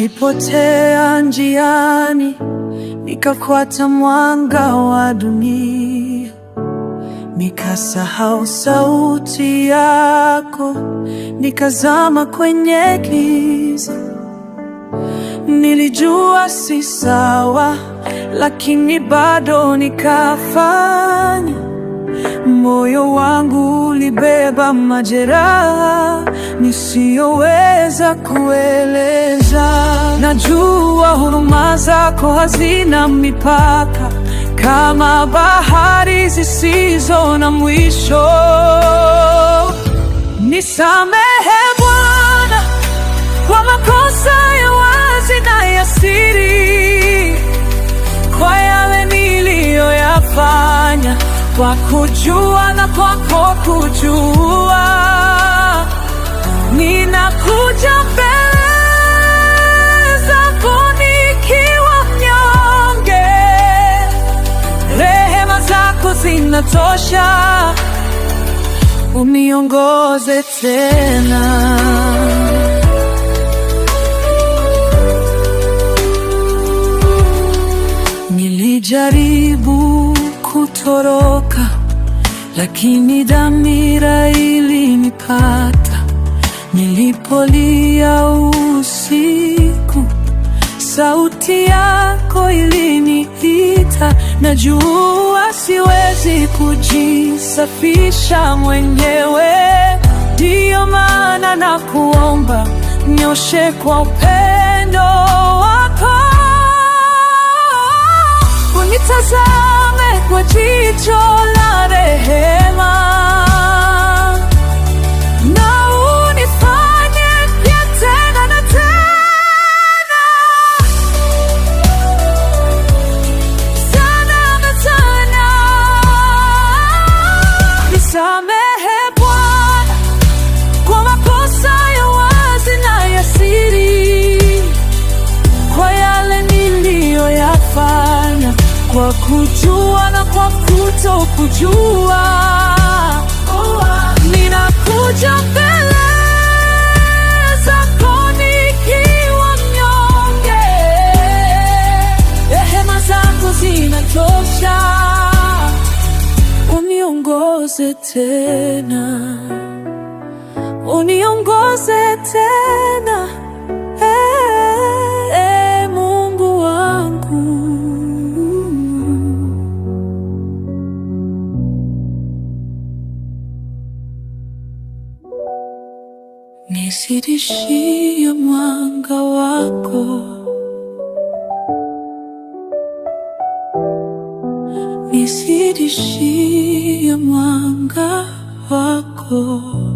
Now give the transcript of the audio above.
Nilipotea njiani nikafuata mwanga wa dunia, nikasahau sauti yako, nikazama kwenye giza. Nilijua si sawa, lakini bado nikafanya. Moyo wangu ulibeba majeraha nisiyoweza kueleza. Najua huruma zako hazina mipaka, kama bahari zisizo na mwisho. Nisamehe Bwana kwa makosa ya wazi na ya siri, kwa yale niliyoyafanya kwa kujua na kwako kujua zinatosha, uniongoze tena. Nilijaribu kutoroka, lakini dhamira ilinipata. Nilipolia usiku, sauti yako ilini sasa najua siwezi kujisafisha mwenyewe, ndiyo maana nakuomba nyoshe kwa upendo wako, unitazame kwa jicho la rehema. kujua na kwa kutokujua, ninakuja mbele zako nikiwa mnyonge, rehema zako zinatosha, uniongoze tena, uniongoze tena Nisidishia mwanga wako, nisidishia mwanga wako.